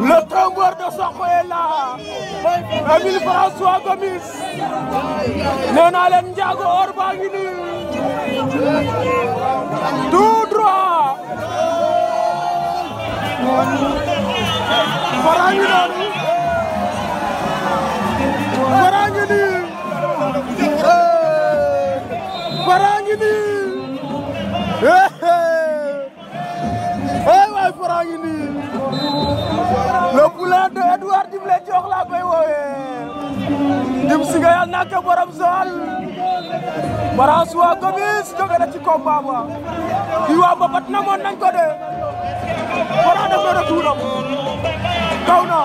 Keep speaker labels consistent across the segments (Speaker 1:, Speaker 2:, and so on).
Speaker 1: Le tambour de Sokho est là Emile François Gomis nee naa leen njaago or baa ngi nii tout droit fara ngi noonu fara ngi ngi nii waay waay fara ngi nii de Edouard Dimle Diokh laa koy woowee Dim si nga yàlla naa borom sol François Gomis jóge na ci combat ba kii waa Mbapat nañ ko de na retour am kaw na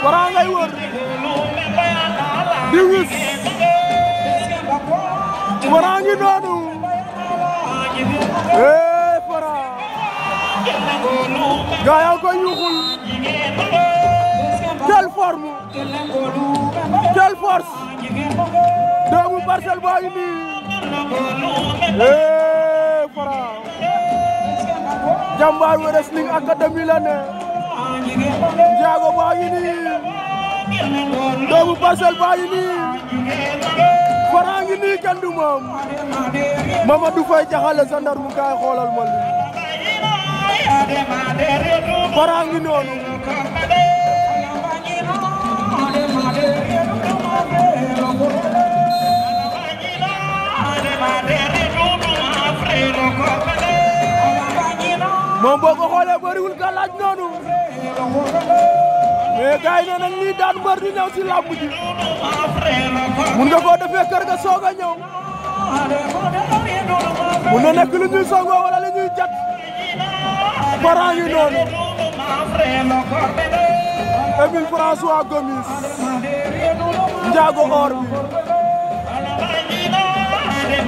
Speaker 1: Franc ngay di eh Fara gars yaa ngi koy yuuxul quelle forme quelle force doomu parcelle baa ngi nii eh Fara Jambar Wrestling Academy la ne njaago baa ngi nii doomu parcelle baa ngi nii kenn du moom Mamadou Faye jaxale mu kaay xoolal ma lii Fara ko xoolee bëriwul noonu waaye eh, gars yi nee nañ lii daan mbër di si làmb mun nga koo defee kër ga soog a ñëw na nekk lu ñuy songoo wala lu ñuy yi noonu Émile François Gomis njaago or bi